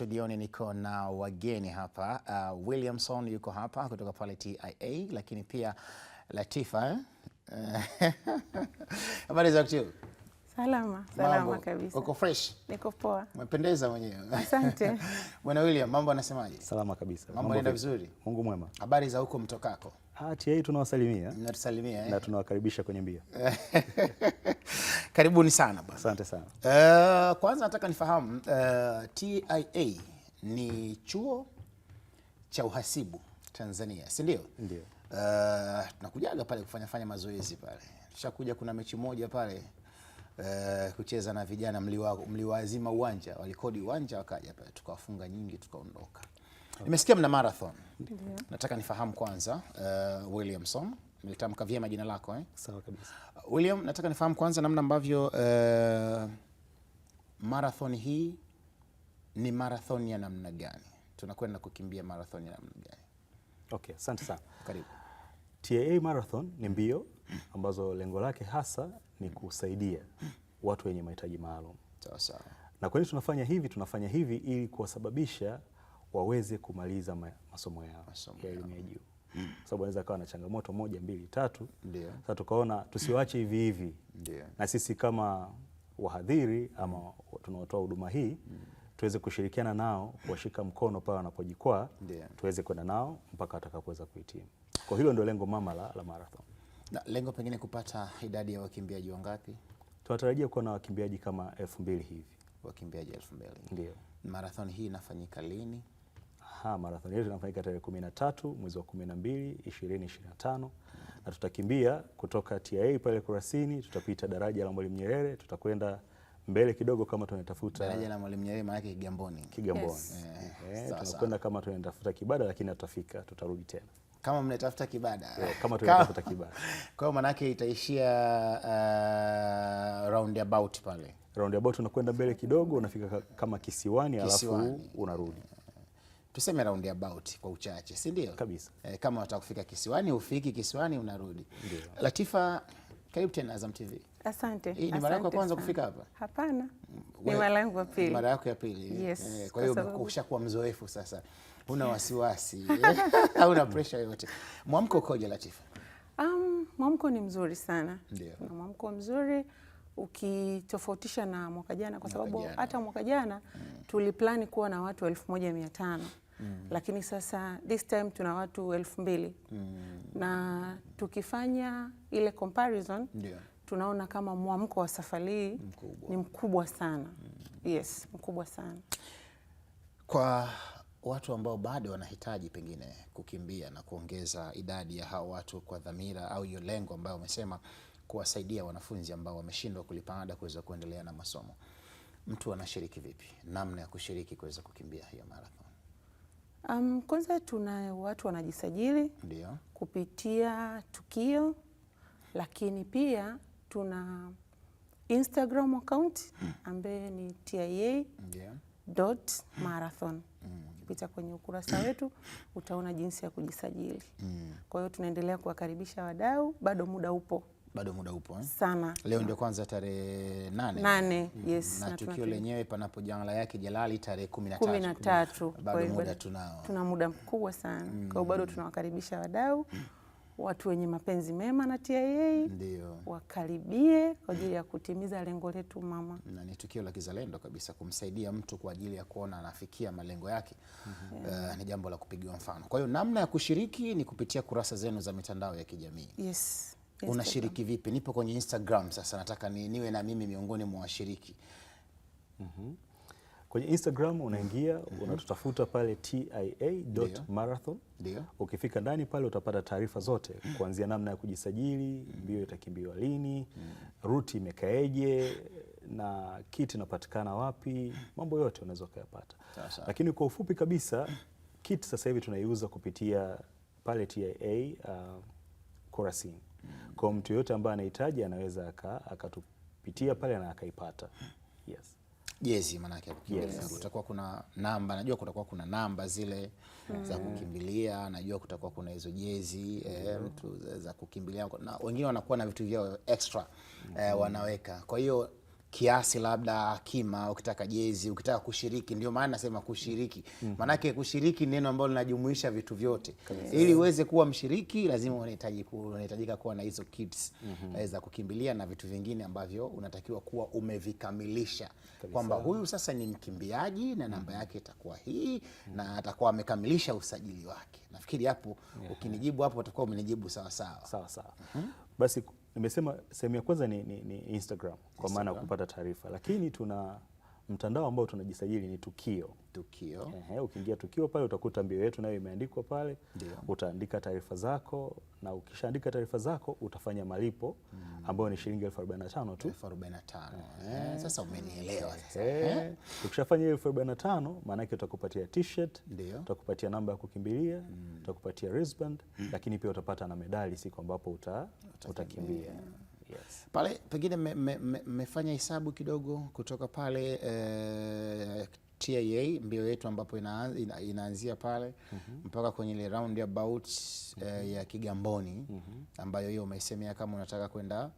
studioni niko na wageni hapa. Uh, Williamson yuko hapa kutoka pale TIA, lakini pia Latifa. Eh? Habari za wakati Salama, salama kabisa. Uko fresh? Niko poa. Umependeza mwenyewe. Asante. Bwana William, mambo anasemaje? Salama kabisa. Mambo yanaenda vizuri? Mungu mwema. Habari za huko mtokako? hati hii tunawasalimia eh? na eh, tunawakaribisha kwenye mbio karibuni sana bwana. Asante sana. Uh, kwanza nataka nifahamu uh, eh, TIA ni chuo cha uhasibu Tanzania, si ndio? Ndio. Uh, tunakujaga pale kufanya fanya mazoezi pale, tushakuja kuna mechi moja pale uh, kucheza na vijana mliwazima uwanja, walikodi uwanja wakaja pale tukawafunga nyingi tukaondoka. Nimesikia mna marathon. Nataka nifahamu kwanza, uh, Williamson nilitamka vyema jina lako eh? Sawa kabisa. Uh, William, nataka nifahamu kwanza namna ambavyo uh, marathon hii ni marathon ya namna gani? Tunakwenda kukimbia marathon ya namna gani? Okay, asante sana. Karibu. TAA marathon ni mbio ambazo lengo lake hasa ni kusaidia watu wenye mahitaji maalum. Sawa sawa. Na kwa nini tunafanya hivi? Tunafanya hivi ili kuwasababisha waweze kumaliza masomo yao ya elimu ya juu kwa sababu anaweza kawa na changamoto moja mbili tatu. Sasa tukaona tusiwache hivi hivi, na sisi kama wahadhiri ama tunaotoa huduma hii mm. tuweze kushirikiana nao kuwashika mkono pale wanapojikwaa, tuweze kwenda nao mpaka watakapoweza kuhitimu. Kwa hilo ndio lengo mama la, la marathon. Na lengo pengine kupata idadi ya wakimbiaji wangapi? Tunatarajia kuwa na wakimbiaji kama elfu mbili hivi. Wakimbiaji elfu mbili. Ndio. Marathon hii inafanyika lini? Ha, marathoni yetu inafanyika tarehe kumi na tatu mwezi wa kumi na mbili ishirini ishirini na tano na tutakimbia kutoka TIA pale Kurasini, tutapita daraja la Mwalimu Nyerere, tutakwenda mbele kidogo kama tunatafuta daraja la Mwalimu Nyerere, maana yake Kigamboni. Kigamboni, yes. Eh, eh, eh tunakwenda kama tunatafuta Kibada, lakini hatutafika, tutarudi tena kama mnatafuta Kibada, yeah, kama tunatafuta Kibada. Kwa hiyo maana yake itaishia uh, round about pale, round about, unakwenda mbele kidogo, unafika kama kisiwani, kisiwani. Alafu unarudi Yeah tuseme round about kwa uchache, si ndio? Kabisa. E, kama unataka kufika kisiwani ufiki kisiwani, unarudi. Ndio. Latifa, karibu tena Azam TV. Asante. Hii ni mara yako ya kwanza kufika hapa? Hapana. Ni mara yangu ya pili. Mara yako ya pili. Yes. E, kwa hiyo umeshakuwa mzoefu sasa, una wasiwasi eh? au una pressure yoyote. Mwamko ukoje Latifa? Um, mwamko ni mzuri sana. Ndio. Mwamko mzuri ukitofautisha na mwaka jana, kwa sababu hata mwaka jana mm. tuliplani kuwa na watu elfu moja mia tano mm. lakini sasa this time tuna watu elfu mbili mm. na tukifanya ile comparison yeah. tunaona kama mwamko wa safari ni mkubwa sana mm. yes, mkubwa sana kwa watu ambao bado wanahitaji pengine kukimbia na kuongeza idadi ya hao watu kwa dhamira au hiyo lengo ambayo umesema kuwasaidia wanafunzi ambao wameshindwa kulipa ada kuweza kuendelea na masomo. Mtu anashiriki vipi, namna ya kushiriki kuweza kukimbia hiyo marathon? Um, kwanza tuna watu wanajisajili ndio kupitia tukio, lakini pia tuna Instagram account hmm. ambaye ni TIA dot hmm. marathon mm. Ukipita kwenye ukurasa wetu utaona jinsi ya kujisajili mm. Kwa hiyo tunaendelea kuwakaribisha wadau, bado muda upo bado muda upo eh? Sana. Leo ndio kwanza tarehe nane, nane. Mm. Yes, na tukio lenyewe panapo jangala yake Jalali tarehe kumi na tatu. Bado muda tunao, tuna muda mkubwa sana mm. Kwa hiyo bado tunawakaribisha wadau mm. watu wenye mapenzi mema na TIA ndio wakaribie kwa ajili ya kutimiza lengo letu mama, na ni tukio la kizalendo kabisa kumsaidia mtu kwa ajili ya kuona anafikia malengo yake mm -hmm. Uh, ni jambo la kupigiwa mfano. Kwa hiyo namna ya kushiriki ni kupitia kurasa zenu za mitandao ya kijamii yes. Instagram. Unashiriki vipi? Nipo kwenye Instagram sasa, nataka ni, niwe na mimi miongoni mwa washiriki. mm -hmm. Kwenye Instagram unaingia, mm -hmm. unatutafuta pale TIA.marathon. Ukifika ndani pale utapata taarifa zote mm. kuanzia namna ya kujisajili, mm. mbio mm -hmm. itakimbiwa lini, mm -hmm. ruti imekaeje na kiti inapatikana wapi, mambo yote unaweza ukayapata. Lakini kwa ufupi kabisa, kiti sasa hivi tunaiuza kupitia pale TIA uh, Kurasini. Kwa mtu yoyote ambaye anahitaji anaweza akatupitia pale na akaipata. Yes. Jezi maana yake yes. Kutakuwa kuna namba, najua kutakuwa kuna namba zile mm. za kukimbilia, najua kutakuwa kuna hizo jezi mm. eh, mtu za kukimbilia na wengine wanakuwa na vitu vyao extra eh, mm. eh, wanaweka kwa hiyo kiasi labda kima, ukitaka jezi, ukitaka kushiriki. Ndio maana nasema kushiriki, maanake mm-hmm. mm -hmm. kushiriki neno ambalo linajumuisha vitu vyote yes. Ili uweze kuwa mshiriki, lazima unahitaji unahitajika kuwa na hizo kits mm -hmm. Eh, za kukimbilia na vitu vingine ambavyo unatakiwa kuwa umevikamilisha, kwamba huyu sasa ni mkimbiaji na namba mm-hmm. yake itakuwa hii mm -hmm. na atakuwa amekamilisha usajili wake. Nafikiri hapo yeah. Ukinijibu hapo utakuwa umenijibu sawasawa sawa sawa sawa. mm -hmm. Basi nimesema sehemu ya kwanza ni, ni, ni Instagram kwa maana ya kupata taarifa, lakini tuna mtandao ambao tunajisajili ni Tukio. Tukio. Ehe, ukiingia Tukio pale utakuta mbio yetu nayo imeandikwa pale. Ndio. Utaandika taarifa zako na ukishaandika taarifa zako utafanya malipo mm. ambayo ni shilingi elfu arobaini na tano tu. elfu arobaini na tano. Ehe. Eh, sasa umenielewa sasa. Ehe. Eh? Ukishafanya elfu arobaini na tano maana yake utakupatia t-shirt, ndio. Utakupatia namba ya kukimbilia, mm. utakupatia wristband, mm. lakini pia utapata na medali siku ambapo uta, utakimbia. Utakimbia. Yes. Pale pengine mmefanya me, me, hesabu kidogo kutoka pale uh, eh, TIA mbio yetu ambapo ina, ina, inaanzia pale mm -hmm. mpaka kwenye ile roundabout mm -hmm. eh, ya Kigamboni mm -hmm. ambayo hiyo umesemea kama unataka kwenda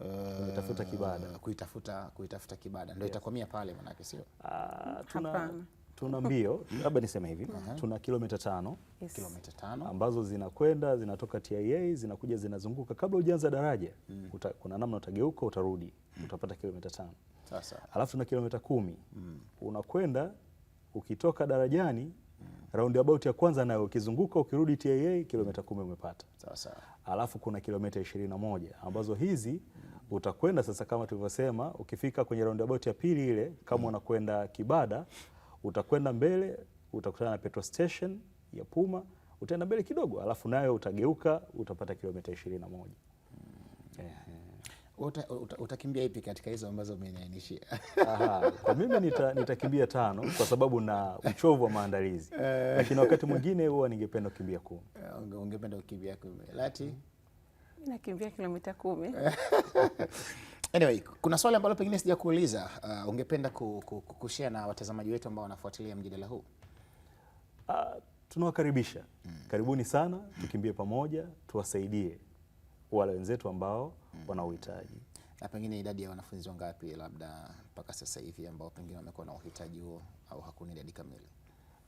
eh, kuitafuta uh, kibada, kuitafuta, kuitafuta kibada ndio yes. Itakwamia pale manake sio? Uh, tuna, tuna mbio labda niseme hivi tuna kilomita tano yes. kilomita tano ambazo zinakwenda zinatoka TIA zinakuja zinazunguka kabla hujaanza daraja mm. Uta, kuna namna utageuka utarudi mm. utapata kilomita tano sasa alafu tuna kilomita kumi mm. unakwenda ukitoka darajani mm. raundi about ya kwanza nayo ukizunguka ukirudi TIA kilomita kumi umepata sasa alafu kuna kilomita ishirini na moja ambazo hizi mm. utakwenda sasa, kama tulivyosema, ukifika kwenye roundabout ya pili ile, kama mm. unakwenda Kibada utakwenda mbele utakutana na petrol station ya Puma, utaenda mbele kidogo, alafu nayo utageuka utapata kilomita ishirini na moja. Hmm. Utakimbia ipi katika hizo ambazo umeniainishia? Kwa mimi nitakimbia tano kwa sababu na uchovu wa maandalizi lakini wakati mwingine huwa ningependa kukimbia kumi. Ungependa kukimbia kumi? Lati nakimbia kilomita kumi. Anyway, kuna swali ambalo pengine sijakuuliza, uh, ungependa kushare na watazamaji wetu ambao wanafuatilia mjadala huu? Uh, tunawakaribisha mm. Karibuni sana, tukimbie pamoja, tuwasaidie wale wenzetu ambao mm. uhitaji. Na pengine idadi ya wanafunzi wangapi labda mpaka sasa hivi ambao pengine wamekuwa na uhitaji huo, au hakuna idadi kamili?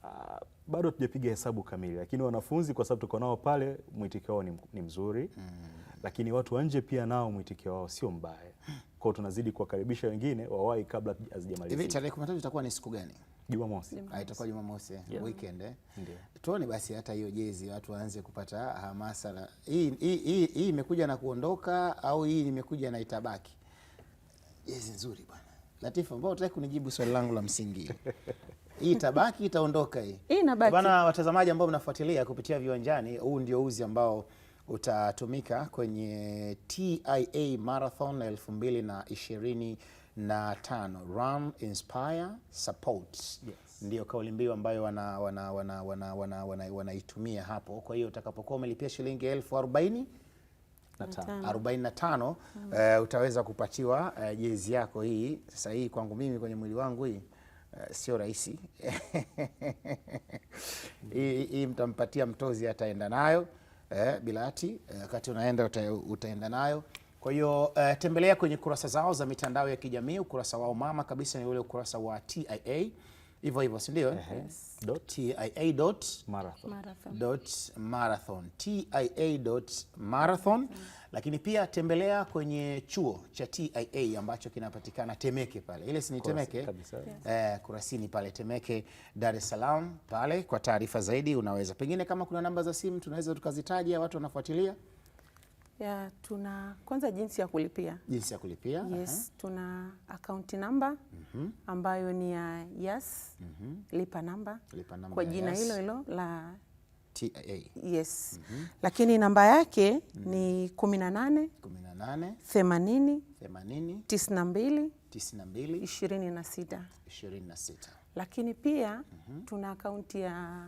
Uh, bado tujapiga hesabu kamili, lakini wanafunzi kwa sababu tuko nao pale, mwitikio wao ni, ni mzuri mm. Lakini watu wa nje pia nao mwitikio wao sio mbaya kwao, tunazidi kuwakaribisha wengine wawahi kabla hazijamalizika. Hivi tarehe 13 itakuwa ni siku gani? Jumamosi. Ah, itakuwa Jumamosi, eh, yeah. Weekend eh? Ndio. Tuone basi hata hiyo jezi watu waanze kupata hamasa ah, na hii hii hii imekuja na kuondoka au hii imekuja na itabaki. Jezi nzuri bwana. Latifa, mbona unataka kunijibu swali langu la msingi? Hii itabaki itaondoka hii. Hii inabaki. Bwana watazamaji ambao mnafuatilia kupitia Viwanjani, huu ndio uzi ambao utatumika kwenye TIA Marathon 2025 Run Inspire Support. Yes. Ndiyo kauli mbiu ambayo wanaitumia wana, wana, wana, wana, wana, wana hapo. Kwa hiyo utakapokuwa umelipia shilingi elfu arobaini 45 mm. Uh, utaweza kupatiwa uh, eh, jezi yako hii. Sasa hii kwangu mimi kwenye mwili wangu hii uh, sio rahisi hii. Mtampatia mtozi, ataenda nayo eh, bilati eh, wakati eh, unaenda uta, utaenda nayo. Kwa hiyo eh, tembelea kwenye kurasa zao za mitandao ya kijamii. Ukurasa wao mama kabisa ni ule ukurasa wa TIA hivyo hivyo, si ndio? Eh, eh. TIA tia.marathon marathon lakini pia tembelea kwenye chuo cha TIA ambacho kinapatikana Temeke pale, ile si ni Temeke eh, Kurasini pale Temeke, Dar es Salaam pale. Kwa taarifa zaidi, unaweza pengine, kama kuna namba za simu tunaweza tukazitaja, watu wanafuatilia ya tuna kwanza jinsi ya kulipia, jinsi ya kulipia yes. Aha. Tuna akaunti namba mm -hmm. ambayo ni ya Yas mm -hmm. lipa namba, lipa namba kwa jina hilo yes. hilo la TIA. Yes. Mm -hmm. Lakini namba yake mm -hmm. ni 18 18 ishirini na sita ishirini na sita Lakini pia mm -hmm. tuna akaunti ya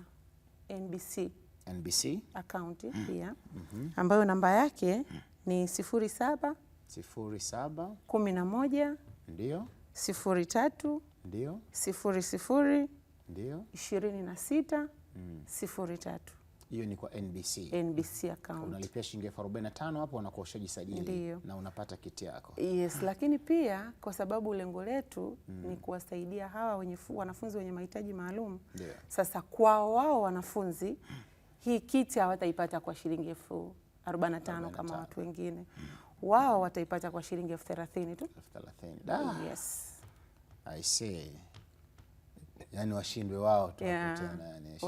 NBC NBC akaunti mm -hmm. pia mm -hmm. ambayo namba yake mm -hmm. ni kumi na moja ndio sifuri ndio ishirini ndio sita Mm. sifuri tatu. Hiyo ni kwa NBC. NBC mm. account. Unalipia shilingi elfu arobaini na tano hapo na unapata kiti yako. Yes, mm. lakini pia kwa sababu lengo letu mm. ni kuwasaidia hawa wenye wanafunzi wenye mahitaji maalum. Sasa kwa wao wanafunzi hii kiti hawataipata kwa shilingi elfu arobaini na tano kama watu wengine mm. wao wataipata kwa shilingi elfu thelathini tu. Elfu thelathini. Yes. I see yani washindwe wao tu wakutana yani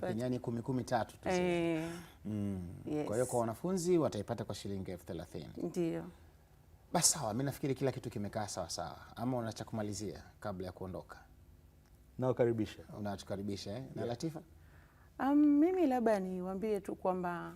shilingi yaani kumi kumi tatu tu eh. mm. Kwa hiyo kwa wanafunzi wataipata kwa shilingi elfu thelathini ndio. Basi sawa, mimi nafikiri kila kitu kimekaa sawa sawa, ama una kumalizia kabla ya kuondoka? Nawakaribisha, unatukaribisha eh? yeah. Latifa um, mimi labda niwaambie tu kwamba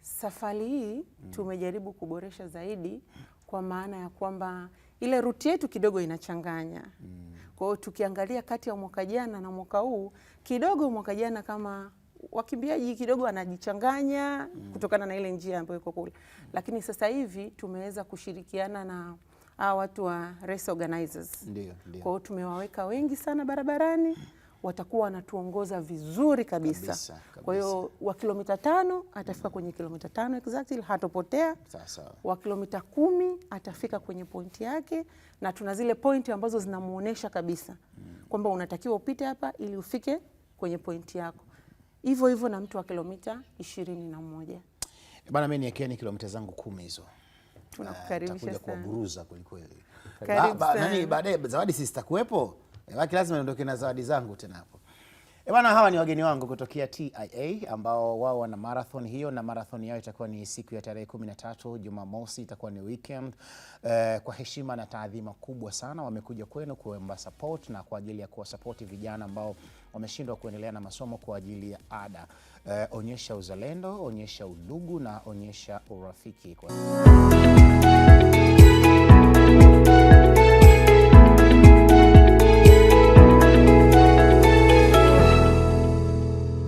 safari hii mm. tumejaribu kuboresha zaidi, kwa maana ya kwamba ile ruti yetu kidogo inachanganya mm. Kwa hiyo tukiangalia kati ya mwaka jana na mwaka huu kidogo, mwaka jana kama wakimbiaji kidogo anajichanganya mm. kutokana na ile njia ambayo iko kule mm. lakini sasa hivi tumeweza kushirikiana na hawa ah, watu wa race organizers. Ndio, ndio. Kwa hiyo tumewaweka wengi sana barabarani mm watakuwa wanatuongoza vizuri kabisa, kabisa, kabisa. Kwa hiyo wa kilomita tano atafika kwenye kilomita tano exactly, hatopotea. Wa kilomita kumi atafika kwenye pointi yake, na tuna zile pointi ambazo zinamuonesha kabisa mm. kwamba unatakiwa upite hapa ili ufike kwenye pointi yako, hivyo hivyo na mtu wa kilomita ishirini na moja. Bana, mimi niekeni kilomita zangu kumi hizo tunakukaribisha ah, sana. kuwaburuza kwelikweli. Baadaye zawadi sisi takuwepo Laki lazima niondoke na zawadi zangu tena hapo. E bwana, hawa ni wageni wangu kutokea TIA ambao wao wana marathon hiyo, na marathon yao itakuwa ni siku ya tarehe 13 Jumamosi, itakuwa ni weekend. Eh, kwa heshima na taadhima kubwa sana wamekuja kwenu kuomba support na kwa ajili ya kuwasapoti vijana ambao wameshindwa kuendelea na masomo kwa ajili ya ada. Eh, onyesha uzalendo, onyesha udugu na onyesha urafiki kwa